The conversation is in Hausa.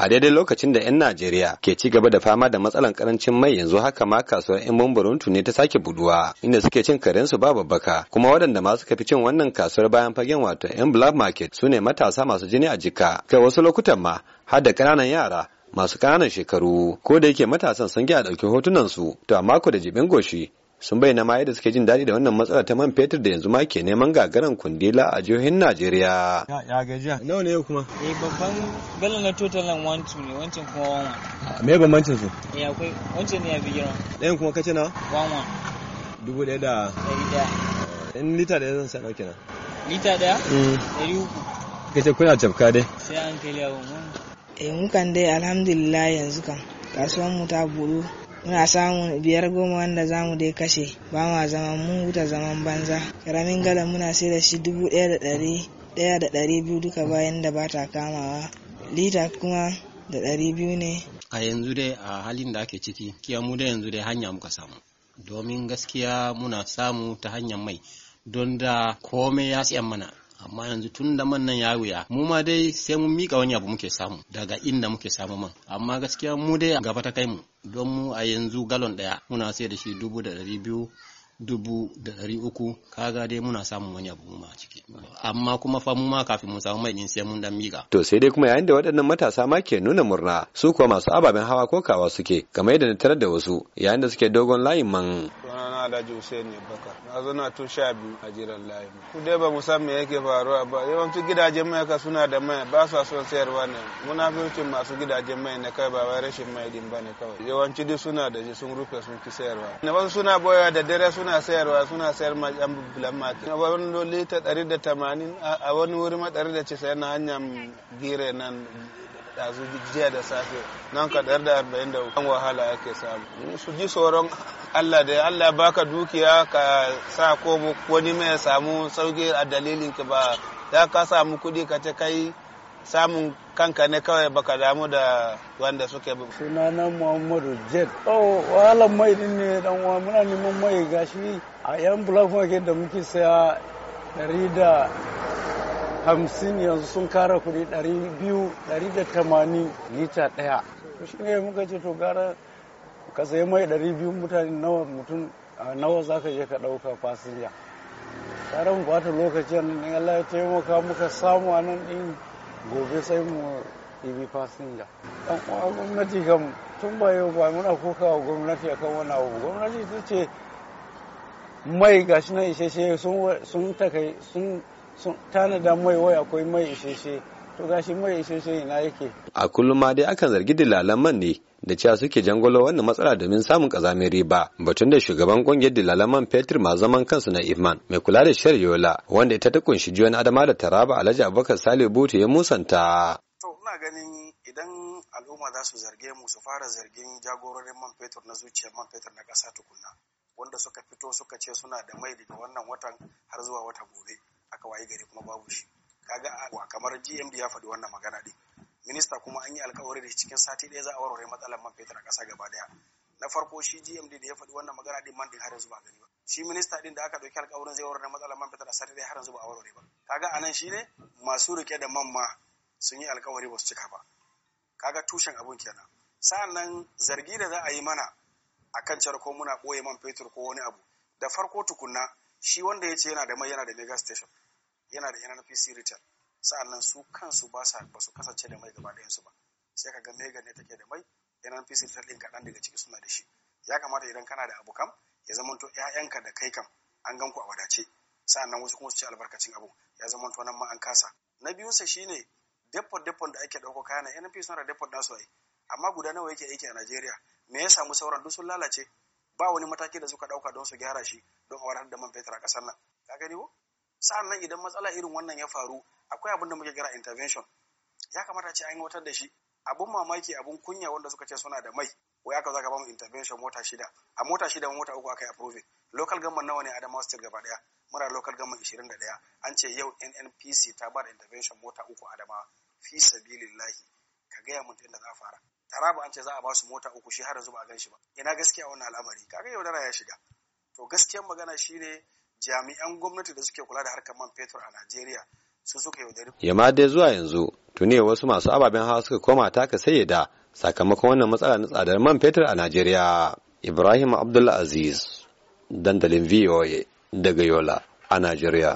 a daidai lokacin da 'yan najeriya ke ci gaba da fama da matsalan karancin mai yanzu haka ma kasuwar 'yan bumburuntu ne ta sake buduwa inda suke cin karensu ba babbaka kuma waɗanda ma suka fi cin wannan kasuwar bayan fagen wato 'yan black market su ne matasa masu jini a jika kai wasu lokutan ma har da ƙananan yara masu ƙananan shekaru ko da yake matasan sun a ɗauki hotunan su to a mako da jibin goshi sun bayyana ma yadda suke jin daɗi da wannan matsala ta man fetur da yanzu ma ke neman gagaran kundila a jihohin Najeriya. Ya gajiya. Nawa ne yau kuma? Eh babban bello na total nan one two ne wancan kuma one one. Me bambancin su? Eh akwai wancan ne ya fi girma. Ɗayan kuma kace na? One one. Dubu ɗaya da. Ɗari ɗaya. In lita ɗaya zan sa nawa kenan? Lita ɗaya? Mm. Ɗari uku. Kace kuna tafka dai? Sai an kai liya Eh mukan dai alhamdulillah yanzu kan kasuwan mu ta buru muna samun biyar goma wanda za mu dai kashe ba ma zaman mun huta zaman banza karamin galan muna sai da shi dubu ɗaya da ɗari ɗaya da ɗari biyu duka bayan da ba ta kamawa lita kuma da ɗari biyu ne a yanzu dai a halin da ake ciki kiyan mu da yanzu dai hanya muka samu domin gaskiya muna samu ta hanyar mai don da komai ya siyan mana amma yanzu tun da man nan ya wuya mu ma dai sai mun mika wani abu muke samu daga inda muke samu man amma gaskiya mu dai gaba ta kai mu don mu a yanzu galon daya muna sai da shi dubu da dari biyu dubu da dari uku kaga dai muna samun wani abu ma ciki amma kuma fa mu ma kafin mu samu mai din sai mun dan mika to sai dai kuma yayin da waɗannan matasa ma ke nuna murna su kuwa masu ababen hawa ko kawa suke game da na tarar da wasu yayin da suke dogon layin man alhaji hussein bakar na zana tun sha biyu a jiran layi ku dai ba mu san me yake faruwa ba yawancin gidajen mai ka suna da mai ba sa son sayarwa ne Muna fi masu gidajen mai ne kai ba wai rashin mai din ba ne kawai yawanci duk suna da shi sun rufe sun ki sayarwa na wasu suna boya da dare suna sayarwa suna sayar ma yan bulan mata wani lolita ɗari da tamanin a wani wuri ma ɗari da cisa yana hanyar gire nan ɗazu jiya da safe nan ka da arba'in da wahala yake samu su ji tsoron allah da allah baka dukiya ka sa ko wani mai samu sauki a dalilin ki ba da ka samu kuɗi ka ce kai samun kanka ne kawai baka damu da wanda suke bi. Sunana Muhammadu Jet. Oh, wahalar mai din ne dan uwa muna neman mai gashi a yan bulak market da muke saya da da hamsin yanzu sun kara kuɗi ɗari biyu ɗari da tamanin lita ɗaya shi ne muka ce to gara ka sayi mai ɗari biyu mutane nawa mutum nawa za ka je ka ɗauka fasinja tare mu bata lokacin in Allah ya taimaka muka samu a nan ɗin gobe sai mu ibi fasinja ɗan uwa gwamnati kam tun ba yau ba muna wa gwamnati kan wani abu gwamnati ta ce mai gashi na isheshe sun takai sun sun tanada mai wai akwai mai isheshe to gashi mai isheshe ina yake a kullum ma dai akan zargi dilalan man ne da cewa suke jangolo wannan matsala domin samun kazamin riba batun da shugaban kungiyar dilalaman fetur ma zaman kansu na iman. mai kula da shar yola wanda ita ta kunshi juwan adama da taraba alhaji abubakar sale butu ya musanta to ina ganin idan al'umma za su zarge mu su fara zargin jagororin man fetur na zuciyar man fetur na kasa tukunna wanda suka fito suka ce suna da mai daga wannan watan har zuwa wata gobe aka waye gari kuma babu shi kaga a kamar GMD ya faɗi wannan magana din minista kuma an yi alkawari da cikin sati ɗaya za a warware matsalar man fetur a ƙasa gaba daya na farko shi GMD da ya faɗi wannan magana din man din har yanzu ba gani ba shi minista din da aka ɗauki alkawarin zai warware matsalar man fetur a sati ɗaya har yanzu ba a warware ba kaga anan shi ne masu rike da man ma sun yi alkawari ba su cika ba kaga tushen abun kenan sa'an nan zargi da za a yi mana kan cewar ko muna ɓoye man fetur ko wani abu da farko tukunna shi wanda ya ce yana da mai yana da mega station yana da nnpc retail sa'annan su kansu ba sa ba su kasance da mai gaba dayansu ba sai ka ga mega ne take da mai nnpc retail din kaɗan daga ciki suna da shi ya kamata idan kana da abu kam ya zamanto ƴaƴanka da kai kam an gan ku a wadace sa'annan wasu kuma su ci albarkacin abu ya zamanto nan ma an kasa na biyu sa shine depot depot da ake dauko kayan na nnpc suna da depot nasu ai amma guda nawa yake aiki a najeriya me ya samu sauran duk sun lalace ba wani mataki da suka dauka don su gyara shi don a da man fetur a nan ka gani ko Sa'an nan idan matsala irin wannan ya faru akwai abin da muke kira intervention ya kamata ce an yi watar da shi abun mamaki abun kunya wanda suka ce suna da mai wai aka zaka bamu intervention mota shida a mota shida mota uku aka yi approving local government nawa ne Adamawa state gaba daya mura local government 21 an ce yau NNPC ta ba da intervention mota uku Adamawa fi sabilillahi ka gaya mun inda za a fara taraba an ce za a ba su mota uku shi har yanzu ba a gan shi ba ina gaskiya wannan al'amari kaga yaudara ya shiga to gaskiyar magana shine jami'an gwamnati da suke kula da harkar man fetur a Najeriya su suka yaudari. Yamma dai zuwa yanzu tuni wasu masu ababen hawa suka koma taka da sakamakon wannan matsala na tsadar man fetur a Najeriya. Ibrahim Abdullah Aziz, dandalin VOA daga Yola a Najeriya.